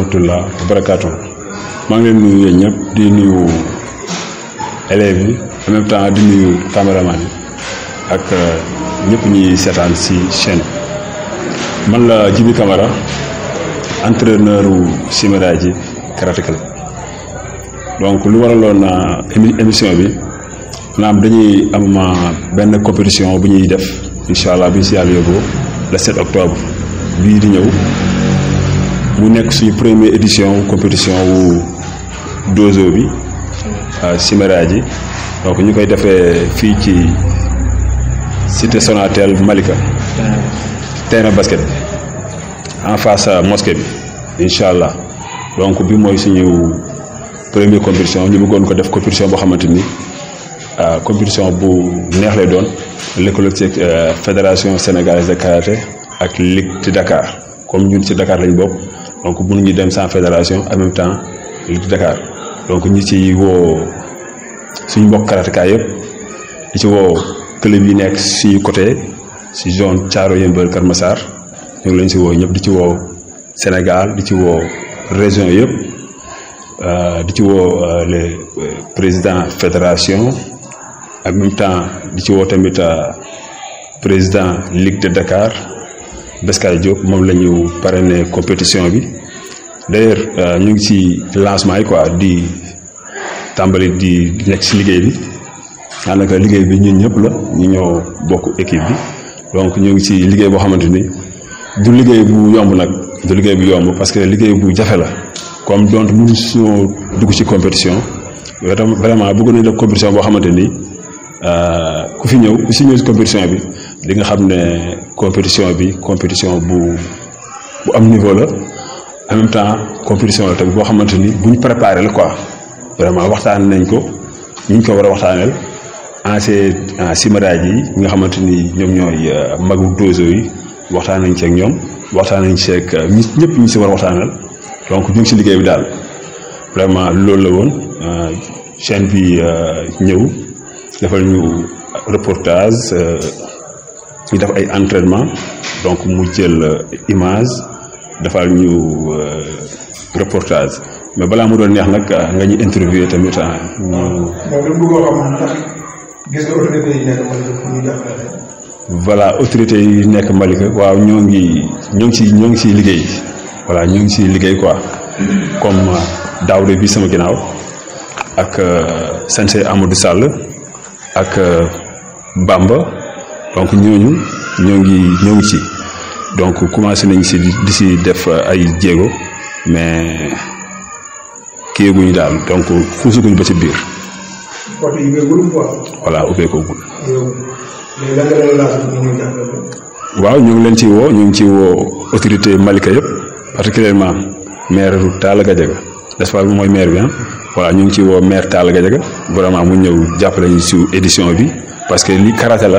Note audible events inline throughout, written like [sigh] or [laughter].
rahmatullah wa barakaatu maa ngi leen ñëpp di nuyu élèves yi en di nuyu caméraman yi ak euh, ñëpp ñuy seetaan si chaîne man la Djiby Camara entraîneur u Symbiase Karaté Club donc lu waraloon euh, émission bi maanaam dañuy am euh, benn compétition bu ñuy def incha allah bi ñu si yàlla yóbbu le octobre bii di ñëw. Nous sur première édition compétition ou h bi à donc cité Sonatel Malika terrain basket en face à mosquée Inch'Allah. Donc la première compétition Nous avons ko la compétition compétition compétition bu neex lay euh, fédération sénégalaise de karaté avec ligue Dakar comme ñun Dakar donc mënuñu dem sans fédération en même temps lutte Dakar donc ñi ci woo suñu mbokk karateka yëpp ñi ci woo club yi nekk si côté si zone Thiaro Yeumbeul Keur Massar ñu ngi leen si woo di ci Sénégal di ci woo région yëpp euh, di ci euh, le euh, président fédération en même temps di ci le tamit président Ligue de Dakar Beskaay Diop moom la ñu ne compétition bi d'ailleurs euh, ñu ngi ci lancement yi quoi di tàmbali di nekk ci liggéey bi daanaka liggéey bi ñun ñëpp la ñu ñoo bokk équipe bi donc ñu ngi ci liggéey boo xamante ni du liggéey bu yomb nag du liggéey bu yomb parce que liggéey bu jafe la comme donc mënu soo dugg ci compétition vraiment bëgg nañ def compétition boo xamante ni euh, ku fi ñëw ku si ñëw compétition bi li nga xam ne compétition bi compétition bu bu am niveau la en même temps compétition la tamit boo xamante ni bu ñu préparé la quoi vraiment waxtaan nañ ko ñu ñu ko war a waxtaaneel ancien simaraaj yi ñi nga xamante ni ñoom ñooy euh, magu dozo yi waxtaan nañ ci ak ñoom waxtaan nañ ci ak euh, ñi ñëpp ñu si war a waxtaanal donc ñu ngi si liggéey bi daal vraiment loolu la woon euh, chaîne bi ñëw defal ñu reportage ñu def ay entraînement donc mu jël euh, image defal ñu euh, reportage mais balaa mu doon neex nag euh, nga ñu interviewé tamit ah. gis autorité yi nekk Malika voilà waaw ñoo ngi ñoo ngi ci ñoo ngi ciy liggéey voilà ñoo ngi si liggéey quoi comme Daouda bi sama ginnaaw ak sensei Amadou Sall ak Bamba. donc ñooñu ñoo ngi ñëw ngi ci donc commencé nañ si di si def ay jéego mais kiiaguñu daal donc xuusaguñu ba ci biir. voilà ubbeekagul. waaw ñu ngi leen ci woo ñu ngi ci woo autorité Malika yëpp particulièrement maire taal Gadiaga n'est-ce pas mooy maire bi ah voilà ñu ngi ci woo maire Talla Gadiaga vraiment mu ñëw jàppale ñu si édition bi parce que li karaté la.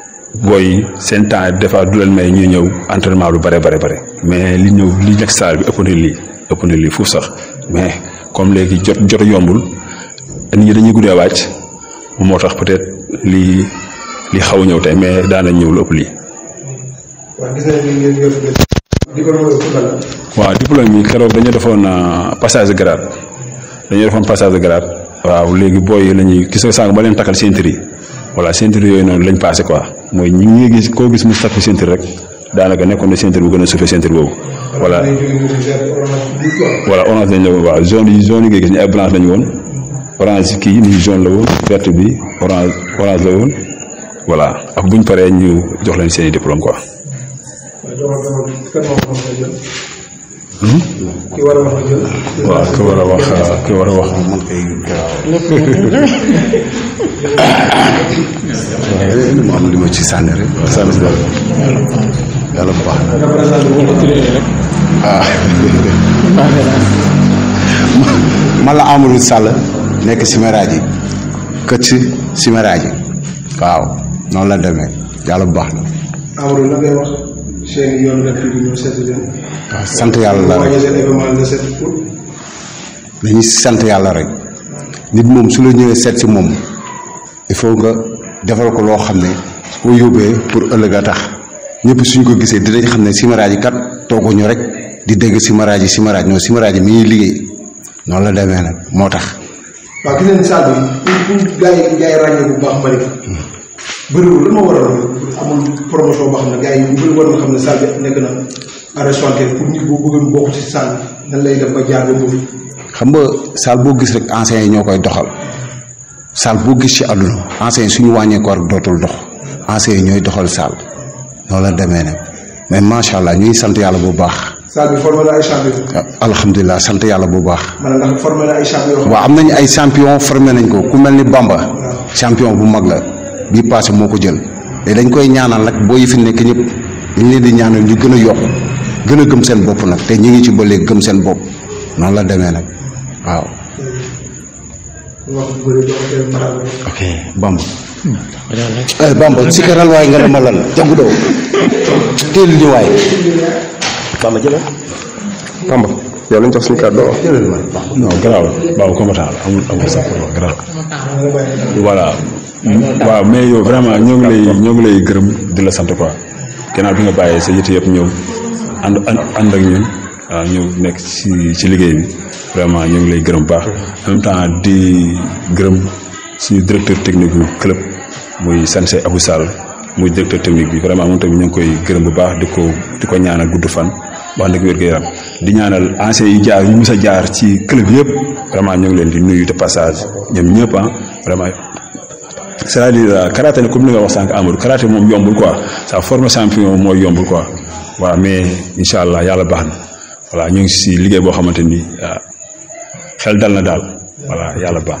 booy seen temps defaa fois du leen may ñuy ñëw entraînement lu bare bare bare mais li ñëw li nekk saal bi ëpp na lii ëpp na lii foofu sax mais comme léegi jot jot yombul nit ñi dañuy guddee wàcc moo tax peut-être lii li xaw ñëw tey mais daana ñëw lu ëpp lii. waaw diplôme yi keroog dañu defoon euh, passage de grade dañu defoon passage de grade waaw léegi booy la ñuy gis nga sànq ba leen takkal seen tri voilà ceinture yooyu noonu lañ passé quoi mooy ñi ngi gis koo gis mu takk ceinture rek daanaka nekkoon na ceinture bu gën a suufee ceinture boobu. voilà voilà orange lañ la woon waaw zone yi zone yi ngay gis ñu ay blanche lañ woon orange kii nii jaune la woon verte bi orange orange la woon voilà ak buñ paree ñu jox lañ seen i diplôme quoi. ki war a wax waaw ki war a wax ki war a wax man kay. waaw mu ah. [laughs] man la Amadou Sall nekk Simeraaji kët si Simeraaji waaw noonu la demee yàlla bu baax na. seen yoon ah, sant yàlla la seen sant yàlla rek nit moom su la ñëwee seet si moom il faut nga defal ko loo xam ne su ko yóbbee pour ëllëg a tax ñëpp suñ ko gisee dinañ xam ne simaraaj yi kat tooguñu rek di dégg simaraaj yi simaraaj non simaraaj yi mi liggéey noonu la demee nag moo tax. bëriwul lu ma war a amul promotion boo xam ne gars yi ñu bëri war nga xam ne salle bi nekk na restaurant pour nit boo bëggoon bokk ci salle nan lay def ba jaar ba boobu. xam nga salle boo gis rek enseignants ah, yi ñoo koy doxal salle boo gis ci ya, àdduna ah, enseignants yi suñu wàññeekoo rek dootul dox enseignants ah, yi ñooy doxal salle noonu la demee nag mais macha allah ñuy sant yàlla bu baax. salle bi formé ay champion. alhamdulilah sant yàlla bu baax. maanaam ndax formé ay champion. waaw am ay formé nañ ko ku mel ni Bamba. Ya. champion bu mag la. bii passé moo ko jël et dañ koy ñaanal nag boo yi fi nekk ñëpp ñu leen di ñaanal ñu gën a yokk gën a gëm seen bopp nag te ñu ngi ci ba léegi gëm seen bopp noonu la demee nag waaw. ok Bamba. eh Bamba sikaral waay nga ne ma lan jagu doo teel ñu waay. Bamba yow lañ jox suñu cadeau wax non garaaw ba ko ma taal amul amul sax garaaw voilà wa mais yo vraiment ñoo ngi lay ñoo ngi lay gërëm di la sante quoi kena bi nga bàyyee sa yitté yëpp ñew and and ak ñun waaw ñëw nekk ci ci liggéey bi vraiment ñu ngi lay gërëm baax en même temps di gërëm ci directeur technique bu club muy Sansé Abou Sall muy directeur technique bi vraiment mo tamit ñu ngi koy gërëm bu baax di ko di ko ñaanal guddu fan wax dëgg wér-gu-yaram di ñaanal anciens yi jaar yu mus a jaar ci club yëpp vraiment ñu ngi leen di nuyu de passage ñoom ñëpp ah vraiment c'est-à-dire euh, karaté comme ni nga wax sànq Amadou karaté moom yombul quoi sa forme champion mooy yombul quoi waaw mais incha allah yàlla baax na voilà ñu ngi si liggéey boo xamante ni euh, xel dal na daal voilà yàlla baax